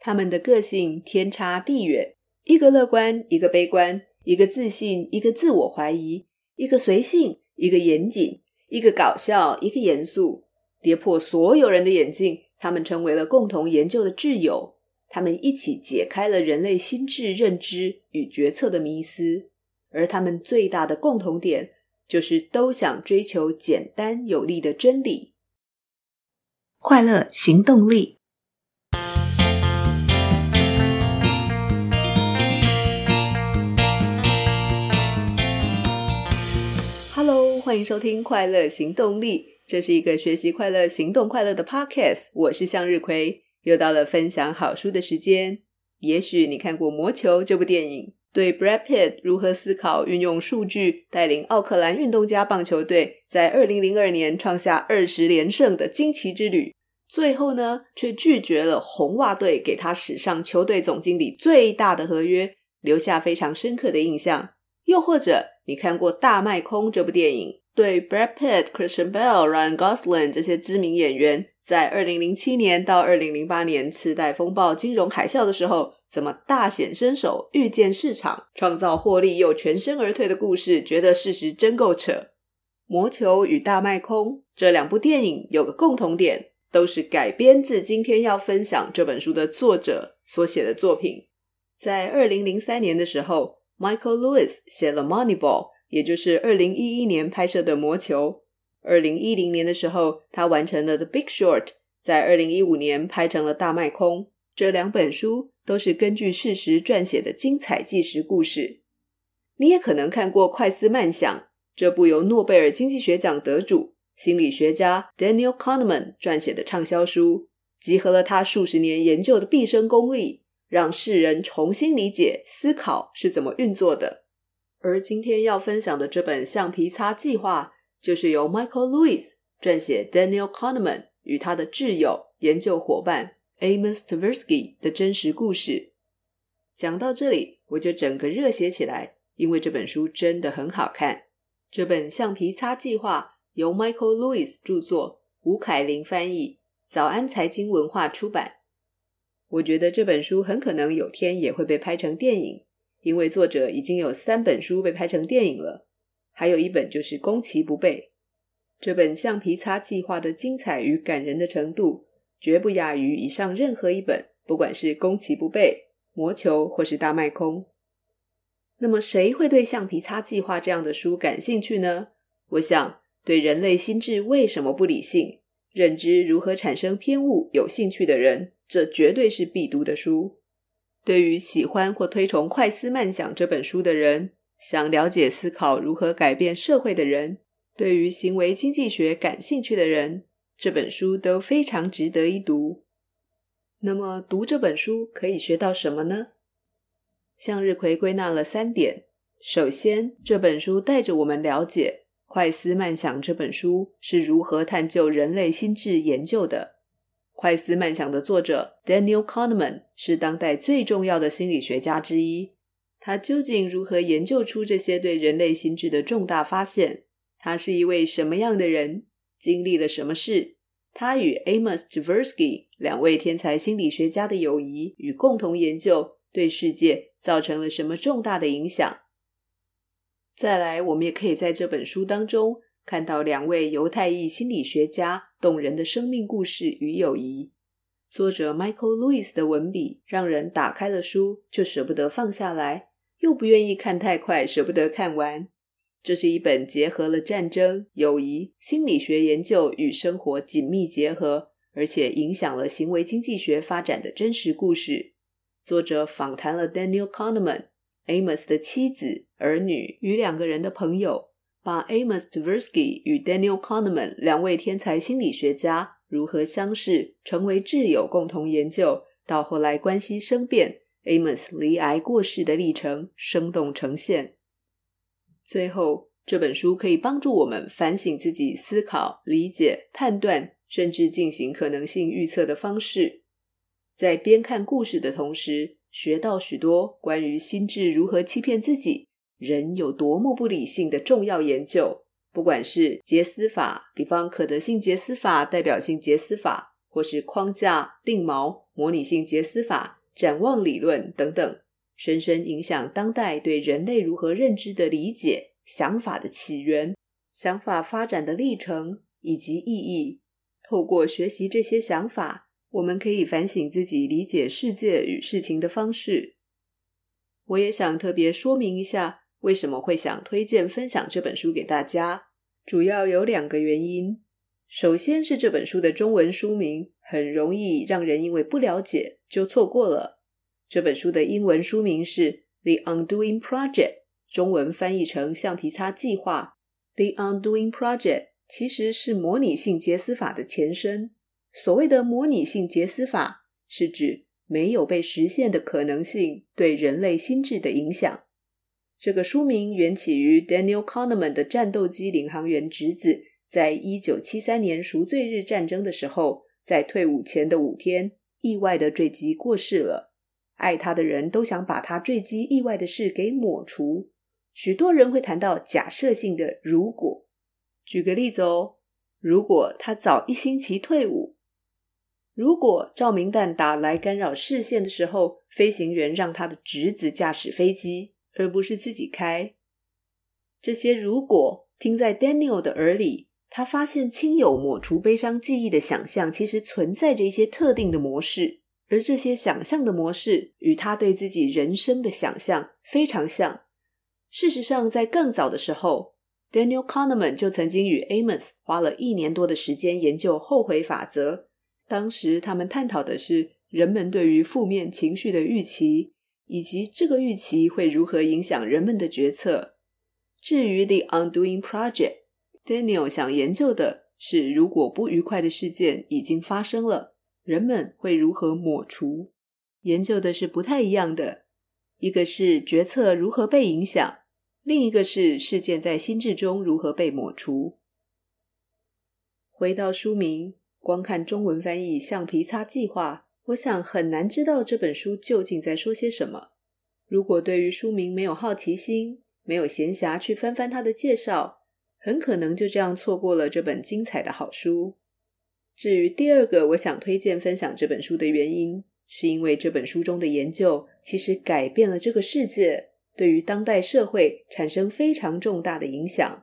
他們的個性天差地遠，一個樂觀，一個悲觀，一個自信，一個自我懷疑，一個隨性，一個嚴謹，一個搞笑，一個嚴肅，跌破所有人的眼鏡。他們成為了共同研究的摯友，他們一起解開了人類心智認知與決策的迷思。而他們最大的共同點，就是都想追求簡單有力的真理。快樂行動力。歡迎收聽《快樂行動力》，這是一個學習快樂、行動快樂的 podcast。我是向日葵，又到了分享好書的時間。也許你看過《魔球》這部電影，對 Brad Pitt 如何思考、運用數據，帶領奧克蘭運動家棒球隊在二零零二年創下二十連勝的驚奇之旅，最後呢，卻拒絕了紅襪隊給他史上球隊總經理最大的合約，留下非常深刻的印象。又或者，你看過《大賣空》這部電影？對，Brad Pitt、Christian Bale、Ryan Gosling 這些知名演員，在二零零七年到二零零八年次貸風暴、金融海嘯的時候，怎麼大顯身手，預見市場，創造獲利又全身而退的故事？覺得事實真夠扯。《魔球》與《大賣空》這兩部電影有個共同點，都是改編自今天要分享這本書的作者所寫的作品。在二零零三年的時候。Michael Lewis 寫了《Moneyball》，也就是二零一一年拍攝的《魔球》。二零一零年的時候，他完成了《The Big Short》，在二零一五年拍成了《大賣空》。這兩本書都是根據事實撰寫的精彩紀實故事。你也可能看過《快思慢想》，這部由諾貝爾經濟學獎得主、心理學家 Daniel Kahneman 撰寫的暢銷書，集合了他數十年研究的畢生功力。讓世人重新理解思考是怎麼運作的。而今天要分享的這本《橡皮擦計劃》，就是由 Michael Lewis 撰寫，Daniel Kahneman 與他的摯友、研究夥伴 Amos Tversky 的真實故事。講到這裡，我就整個熱血起來，因為這本書真的很好看。這本《橡皮擦計劃》由 Michael Lewis 著作，吳凱琳翻譯，早安財經文化出版。我覺得這本書很可能有天也會被拍成電影，因為作者已經有三本書被拍成電影了，還有一本就是《攻其不備》。這本《橡皮擦計劃》的精彩與感人的程度，絕不亞於以上任何一本，不管是《攻其不備》、《魔球》或是《大賣空》。那麼，誰會對《橡皮擦計劃》這樣的書感興趣呢？我想，對人類心智為什麼不理性、認知如何產生偏誤有興趣的人。這絕對是必讀的書。對於喜歡或推崇《快思慢想》這本書的人，想了解思考如何改變社會的人，對於行為經濟學感興趣的人，這本書都非常值得一讀。那麼，讀這本書可以學到什麼呢？向日葵歸納了三點：首先，這本書帶着我們了解《快思慢想》這本書是如何探究人類心智研究的。《快思慢想》的作者 Daniel Kahneman 是當代最重要的心理學家之一。他究竟如何研究出這些對人類心智的重大發現？他是一位什麼樣的人？經歷了什麼事？他與 Amos Tversky 兩位天才心理學家的友誼與共同研究，對世界造成了什麼重大的影響？再來，我們也可以在這本書當中，看到兩位猶太裔心理學家動人的生命故事與友誼，作者 Michael Lewis 的文筆讓人打開了書就舍不得放下來，又不願意看太快，舍不得看完。這是一本結合了戰爭、友誼、心理學研究與生活緊密結合，而且影響了行為經濟學發展的真實故事。作者訪談了 Daniel Kahneman、Amos 的妻子、兒女與兩個人的朋友。把 Amos Tversky 與 Daniel Kahneman 兩位天才心理學家如何相識、成為摯友、共同研究，到後來關係生變、Amos 罹癌過世的歷程，生動呈現。最後，這本書可以幫助我們反省自己思考、理解、判斷，甚至進行可能性預測的方式。在邊看故事的同時，學到許多關於心智如何欺騙自己。人有多麼不理性的重要研究，不管是捷思法，比方可得性捷思法、代表性捷思法，或是框架、定錨、模擬性捷思法、展望理論等等，深深影響當代對人類如何認知的理解、想法的起源、想法發展的歷程以及意義。透過學習這些想法，我們可以反省自己理解世界與事情的方式。我也想特別說明一下。為什麼會想推薦分享這本書給大家？主要有兩個原因。首先是這本書的中文書名很容易讓人因為不了解就錯過了。這本書的英文書名是《The Undoing Project》，中文翻譯成“橡皮擦計劃”。《The Undoing Project》其實是模擬性捷思法的前身。所謂的模擬性捷思法，是指沒有被實現的可能性對人類心智的影響。這個書名緣起於 Daniel Kahneman 的戰鬥機領航員侄子，在一九七三年贖罪日戰爭的時候，在退伍前的五天意外的墜機過世了。愛他的人都想把他墜機意外的事給抹除。許多人會談到假設性的如果，舉個例子哦，如果他早一星期退伍，如果照明彈打來干擾視線的時候，飛行員讓他的侄子駕駛飛機。而不是自己開。這些如果聽在 Daniel 的耳裡，他發現親友抹除悲傷記憶的想象，其實存在着一些特定的模式，而這些想象的模式與他對自己人生的想象非常像。事實上，在更早的時候，Daniel Kahneman 就曾經與 Amos 花了一年多的時間研究後悔法則。當時他們探討的是人們對於負面情緒的預期。以及這個預期會如何影響人們的決策？至於 The Undoing Project，Daniel 想研究的是，如果不愉快的事件已經發生了，人們會如何抹除？研究的是不太一樣的，一個是決策如何被影響，另一個是事件在心智中如何被抹除。回到書名，光看中文翻譯，《橡皮擦計劃》。我想很難知道這本書究竟在說些什麼。如果對於書名沒有好奇心，沒有閒暇去翻翻它的介紹，很可能就這樣錯過了這本精彩的好書。至於第二個，我想推薦分享這本書的原因，是因為這本書中的研究其實改變了這個世界，對於當代社會產生非常重大的影響。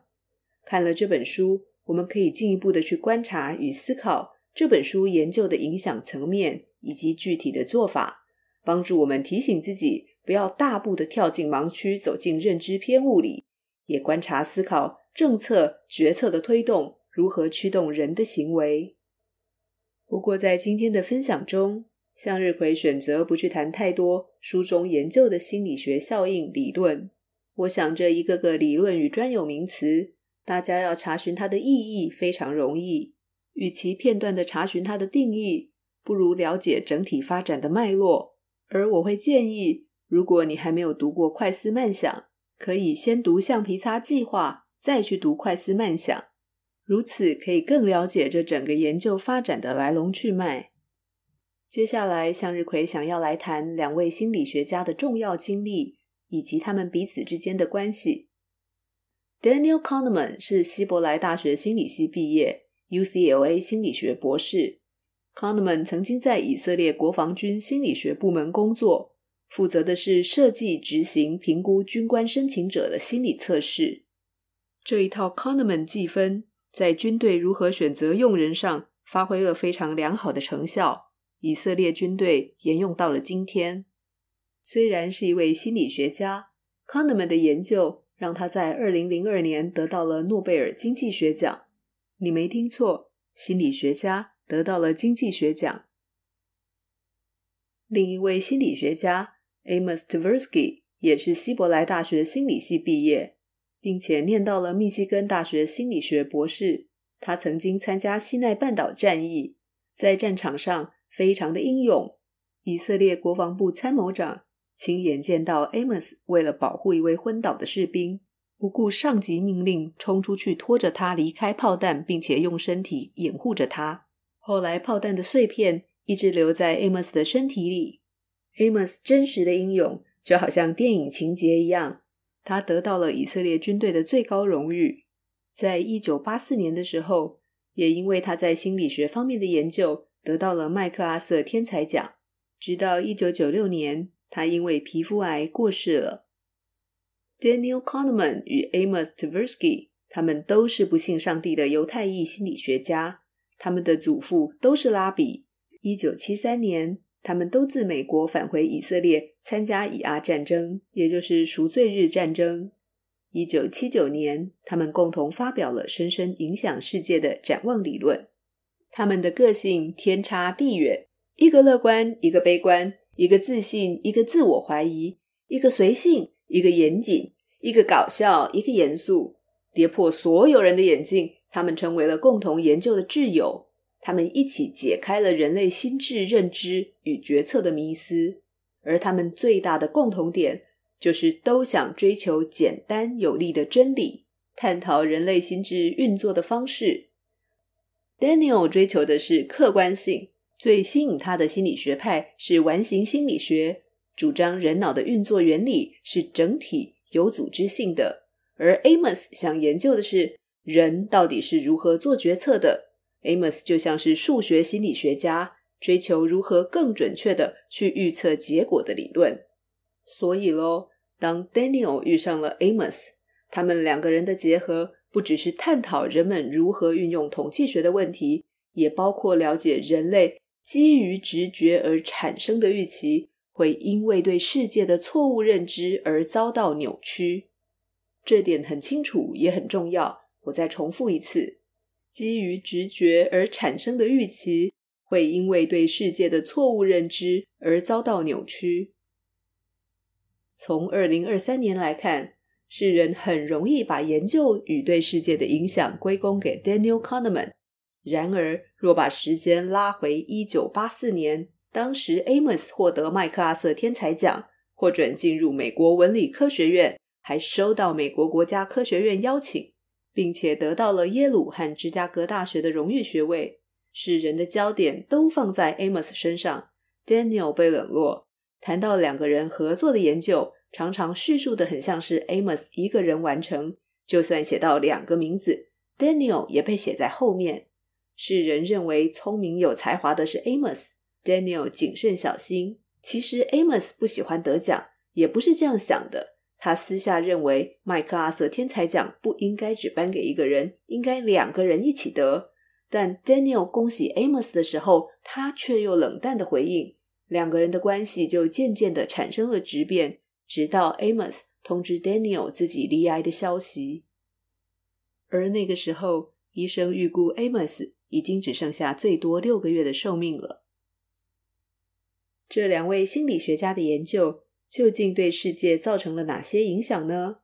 看了這本書，我們可以進一步的去觀察與思考這本書研究的影響層面。以及具體的做法，幫助我們提醒自己不要大步的跳進盲區，走進認知偏誤裡。也觀察思考政策決策的推動，如何驅動人的行為。不過在今天的分享中，向日葵選擇不去談太多書中研究的心理學效應理論。我想這一個個理論與專有名詞，大家要查詢它的意義非常容易，與其片段的查詢它的定義。不如了解整體發展的脈絡，而我會建議，如果你還沒有讀過《快思慢想》，可以先讀《橡皮擦計劃》，再去讀《快思慢想》，如此可以更了解這整個研究發展的來龍去脈。接下來，向日葵想要來談兩位心理學家的重要經歷以及他們彼此之間的關係。Daniel Kahneman 是希伯來大學心理系畢業，UCLA 心理學博士。Kahneman 曾經在以色列國防軍心理學部門工作，負責的是設計、執行、評估軍官申請者的心理測試。這一套 Kahneman 計分，在軍隊如何選擇用人上發揮了非常良好的成效，以色列軍隊沿用到了今天。雖然是一位心理學家，Kahneman 的研究讓他在2002年得到了諾貝爾經濟學獎。你沒聽錯，心理學家。得到了經濟學獎。另一位心理學家 Amos Tversky 也是希伯來大學心理系畢業，並且念到了密西根大學心理學博士。他曾經參加西奈半島戰役，在戰場上非常的英勇。以色列國防部參謀長親眼見到 Amos 為了保護一位昏倒的士兵，不顧上級命令衝出去拖着他離開炮彈，並且用身體掩護着他。後來，炮彈的碎片一直留在 Amos 的身體裡。Amos 真實的英勇，就好像電影情節一樣，他得到了以色列軍隊的最高榮譽。在一九八四年的時候，也因為他在心理學方面的研究，得到了麥克阿瑟天才獎。直到一九九六年，他因為皮膚癌過世了。Daniel Kahneman 與 Amos Tversky，他們都是不信上帝的猶太裔心理學家。他們的祖父都是拉比。一九七三年，他們都自美國返回以色列參加以阿戰爭，也就是贖罪日戰爭。一九七九年，他們共同發表了深深影響世界的展望理論。他們的個性天差地遠：一個樂觀，一個悲觀；一個自信，一個自我懷疑；一個隨性，一個嚴謹；一個搞笑，一個嚴肅，跌破所有人的眼鏡。他們成為了共同研究的摯友，他們一起解開了人類心智認知與決策的迷思。而他們最大的共同點就是都想追求簡單有力的真理，探討人類心智運作的方式。Daniel 追求的是客觀性，最吸引他的心理學派是完形心理學，主張人腦的運作原理是整體有組織性的。而 Amos 想研究的是人到底是如何做決策的？Amos 就像是數學心理學家，追求如何更準確的去預測結果的理論。所以咯，當 Daniel 遇上了 Amos，他們兩個人的結合不只是探討人們如何運用統計學的問題，也包括了解人類基於直覺而產生的預期，會因為對世界的錯誤認知而遭到扭曲。這點很清楚，也很重要。我再重複一次，基於直覺而產生的預期會因為對世界的錯誤認知而遭到扭曲。從二零二三年來看，世人很容易把研究與對世界的影響歸功給 Daniel Kahneman。然而，若把時間拉回一九八四年，當時 Amos 獲得麥克阿瑟天才獎，獲准進入美國文理科學院，還收到美國國家科學院邀請。並且得到了耶魯和芝加哥大學的榮譽學位，世人的焦點都放在 Amos 身上，Daniel 被冷落。談到兩個人合作的研究，常常敘述的很像是 Amos 一個人完成，就算寫到兩個名字，Daniel 也被寫在後面。世人認為聰明有才華的是 Amos，Daniel 謹慎小心。其實 Amos 不喜歡得獎，也不是這樣想的。他私下認為，麥克阿瑟天才獎不應該只頒給一個人，應該兩個人一起得。但 Daniel 恭喜 Amos 的時候，他卻又冷淡的回應，兩個人的關係就漸漸的產生了質變，直到 Amos 通知 Daniel 自己罹癌的消息。而那個時候，醫生預估 Amos 已經只剩下最多六個月的壽命了。這兩位心理學家的研究。究竟對世界造成了哪些影響呢？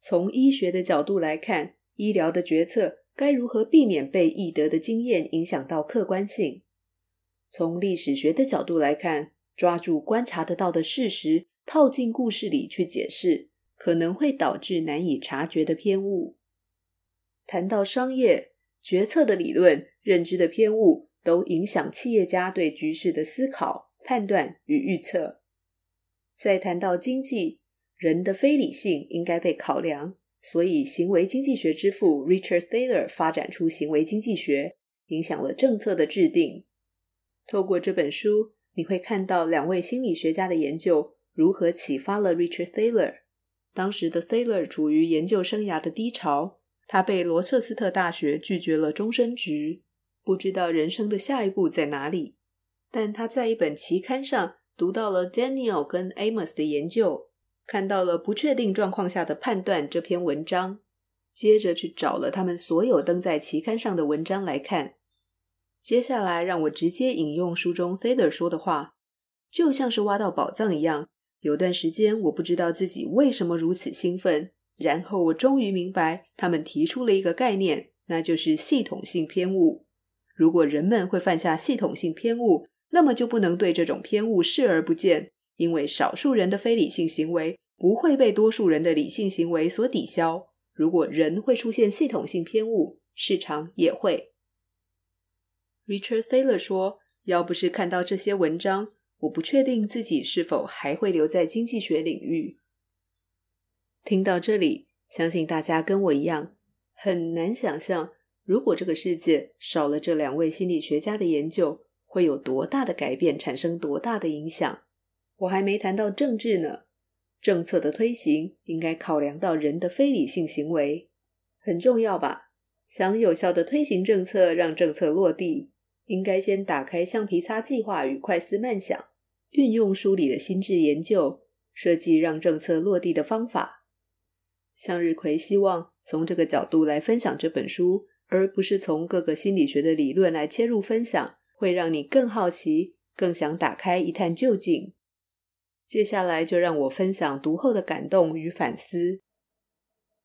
從醫學的角度來看，醫療的決策該如何避免被易得的經驗影響到客觀性？從歷史學的角度來看，抓住觀察得到的事實，套進故事裡去解釋，可能會導致難以察覺的偏誤。談到商業決策的理論，認知的偏誤，都影響企業家對局勢的思考、判斷與預測。再談到經濟，人的非理性應該被考量，所以行為經濟學之父 Richard Thaler 發展出行為經濟學，影響了政策的制定。透過這本書，你會看到兩位心理學家的研究如何啟發了 Richard Thaler。當時的 Thaler 處於研究生涯的低潮，他被羅徹斯特大學拒絕了終身職，不知道人生的下一步在哪裡。但他在一本期刊上，讀到了 Daniel 跟 Amos 的研究，看到了不確定狀況下的判斷這篇文章，接着去找了他們所有登在期刊上的文章來看。接下來讓我直接引用書中 Thaler 說的話：“就像是挖到寶藏一樣，有段時間我不知道自己為什麼如此興奮，然後我終於明白，他們提出了一個概念，那就是系統性偏誤。如果人們會犯下系統性偏誤。”那麼就不能對這種偏誤視而不見，因為少數人的非理性行為不會被多數人的理性行為所抵消。如果人會出現系統性偏誤，市場也會。Richard Thaler 說：“要不是看到這些文章，我不確定自己是否還會留在經濟學領域。”聽到這裡，相信大家跟我一樣，很難想象如果這個世界少了這兩位心理學家的研究。會有多大的改變，產生多大的影響？我還沒談到政治呢。政策的推行應該考量到人的非理性行為，很重要吧？想有效的推行政策，讓政策落地，應該先打開橡皮擦計劃與快思慢想，運用書裡的心智研究，設計讓政策落地的方法。向日葵希望從這個角度來分享這本書，而不是從各個心理學的理論來切入分享。會讓你更好奇，更想打開一探究竟。接下來就讓我分享讀後的感動與反思。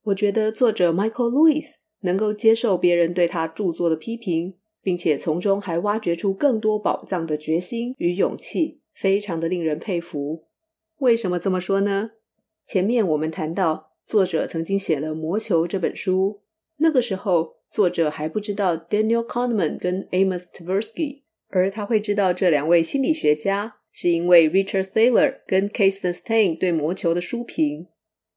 我覺得作者 Michael Lewis 能夠接受別人對他著作的批評，並且從中還挖掘出更多寶藏的決心與勇氣，非常的令人佩服。為什麼這麼說呢？前面我們談到作者曾經寫了《魔球》這本書，那個時候作者還不知道 Daniel Kahneman 跟 Amos Tversky。而他會知道這兩位心理學家，是因為 Richard Thaler 跟 Cass Sunstein 對《魔球》的書評。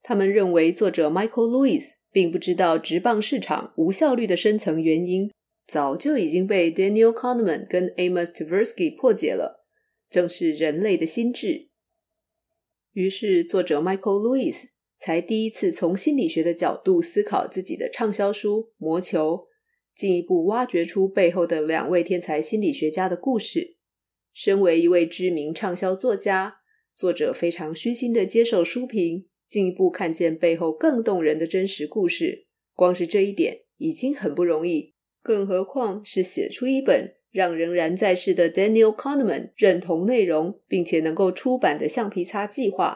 他們認為作者 Michael Lewis 並不知道職棒市場無效率的深層原因，早就已經被 Daniel Kahneman 跟 Amos Tversky 破解了，正是人類的心智。於是，作者 Michael Lewis 才第一次從心理學的角度思考自己的暢銷書《魔球》。進一步挖掘出背後的兩位天才心理學家的故事。身為一位知名暢銷作家，作者非常虛心地接受書評，進一步看見背後更動人的真實故事。光是這一點已經很不容易，更何況是寫出一本讓仍然在世的 Daniel Kahneman 認同內容，並且能夠出版的《橡皮擦計劃》。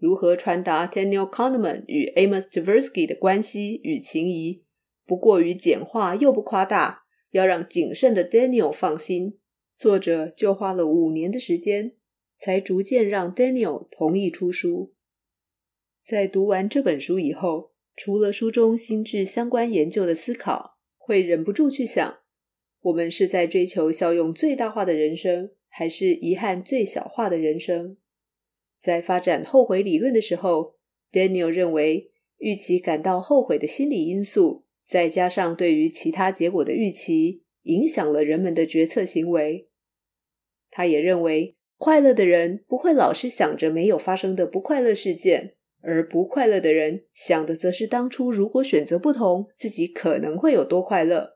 如何傳達 Daniel Kahneman 與 Amos Tversky 的關係與情誼？不過於簡化又不誇大，要讓謹慎的 Daniel 放心，作者就花了五年的時間，才逐漸讓 Daniel 同意出書。在讀完這本書以後，除了書中心智相關研究的思考，會忍不住去想：我們是在追求效用最大化的人生，還是遺憾最小化的人生？在發展後悔理論的時候，Daniel 認為，預期感到後悔的心理因素。再加上對於其他結果的預期，影響了人們的決策行為。他也認為，快樂的人不會老是想着沒有發生的不快樂事件，而不快樂的人想的則是當初如果選擇不同，自己可能會有多快樂。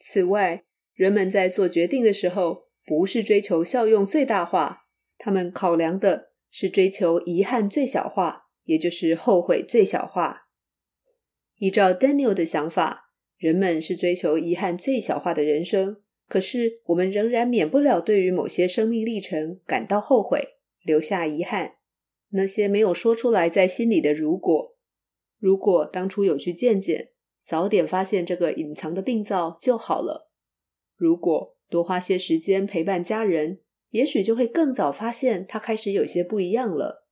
此外，人們在做決定的時候，不是追求效用最大化，他們考量的是追求遺憾最小化，也就是後悔最小化。依照 Daniel 的想法，人們是追求遺憾最小化的人生。可是，我們仍然免不了對於某些生命歷程感到後悔，留下遺憾。那些沒有說出來在心裡的“如果”，如果當初有去見見，早點發現這個隱藏的病灶就好了；如果多花些時間陪伴家人，也許就會更早發現他開始有些不一樣了；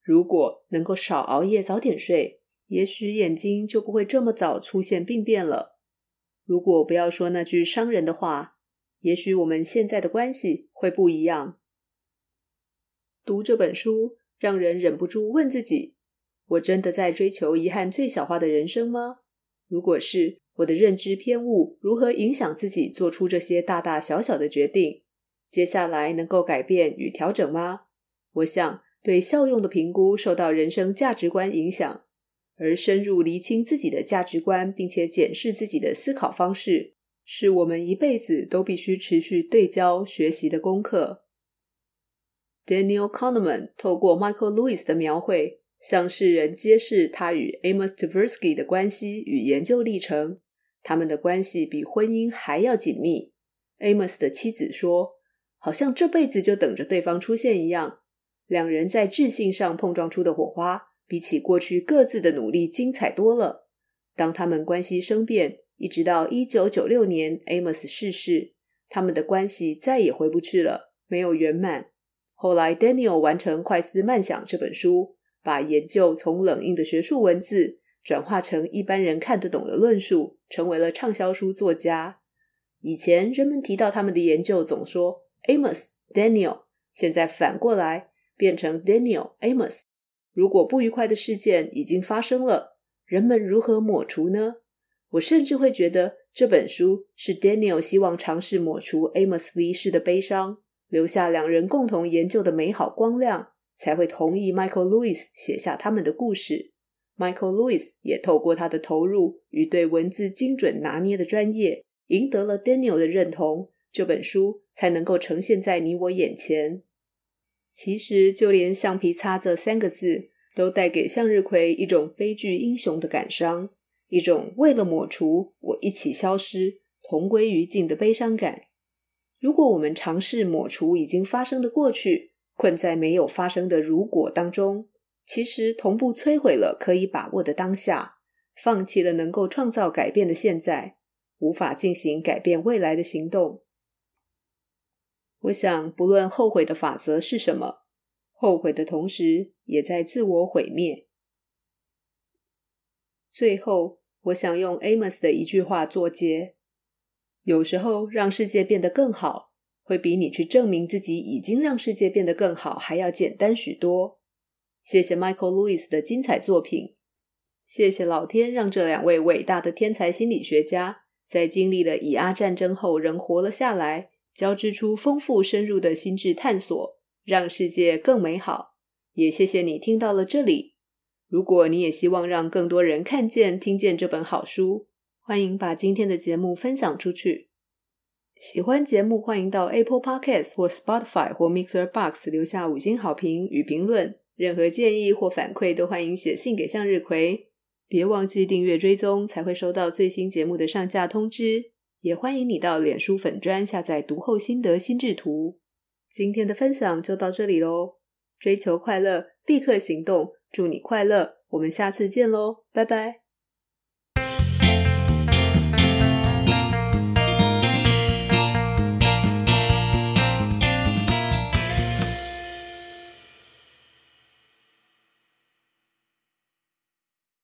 如果能夠少熬夜，早點睡。也許眼睛就不會這麼早出現病變了。如果不要說那句傷人的話，也許我們現在的關係會不一樣。讀這本書，讓人忍不住問自己：我真的在追求遺憾最小化的人生嗎？如果是，我的認知偏誤如何影響自己做出這些大大小小的決定？接下來能夠改變與調整嗎？我想，對效用的評估受到人生價值觀影響。而深入釐清自己的價值觀，並且檢視自己的思考方式，是我們一輩子都必須持續對焦學習的功課。Daniel Kahneman 透過 Michael Lewis 的描繪，向世人揭示他與 Amos Tversky 的關係與研究歷程，他們的關係比婚姻還要緊密。Amos 的妻子說：“好像這輩子就等着對方出現一樣。”兩人在智性上碰撞出的火花。比起過去各自的努力，精彩多了。當他們關係生變，一直到一九九六年，Amos 逝世，他們的關係再也回不去了，沒有圓滿。後來，Daniel 完成《快思慢想》這本書，把研究從冷硬的學術文字轉化成一般人看得懂的論述，成為了暢銷書作家。以前人們提到他們的研究，總說 Amos Daniel，現在反過來變成 Daniel Amos。如果不愉快的事件已經發生了，人們如何抹除呢？我甚至會覺得這本書是 Daniel 希望嘗試抹除 Amos 離世的悲傷，留下兩人共同研究的美好光亮，才會同意 Michael Lewis 寫下他們的故事。Michael Lewis 也透過他的投入與對文字精準拿捏的專業，贏得了 Daniel 的認同，這本書才能夠呈現在你我眼前。其實，就連“橡皮擦”這三個字，都帶給向日葵一種悲劇英雄的感傷，一種為了抹除，我一起消失，同歸於盡的悲傷感。如果我們嘗試抹除已經發生的過去，困在沒有發生的“如果”當中，其實同步摧毀了可以把握的當下，放棄了能夠創造改變的現在，無法進行改變未來的行動。我想，不論後悔的法則是什麼，後悔的同時也在自我毀滅。最後，我想用 Amos 的一句話作結：有時候讓世界變得更好，會比你去證明自己已經讓世界變得更好還要簡單許多。謝謝 Michael Lewis 的精彩作品，謝謝老天讓這兩位偉大的天才心理學家在經歷了以阿戰爭後仍活了下來。交織出豐富深入的心智探索，讓世界更美好。也謝謝你聽到了這裡。如果你也希望讓更多人看見、聽見這本好書，歡迎把今天的節目分享出去。喜歡節目，歡迎到 Apple Podcast 或 Spotify 或 Mixer Box 留下五星好評與評論。任何建議或反饋都歡迎寫信給向日葵。別忘記訂閱追蹤，才會收到最新節目的上架通知。也歡迎你到臉書粉專下載讀後心得心智圖。今天的分享就到這裡嘍，追求快樂，立刻行動，祝你快樂，我們下次見嘍，拜拜。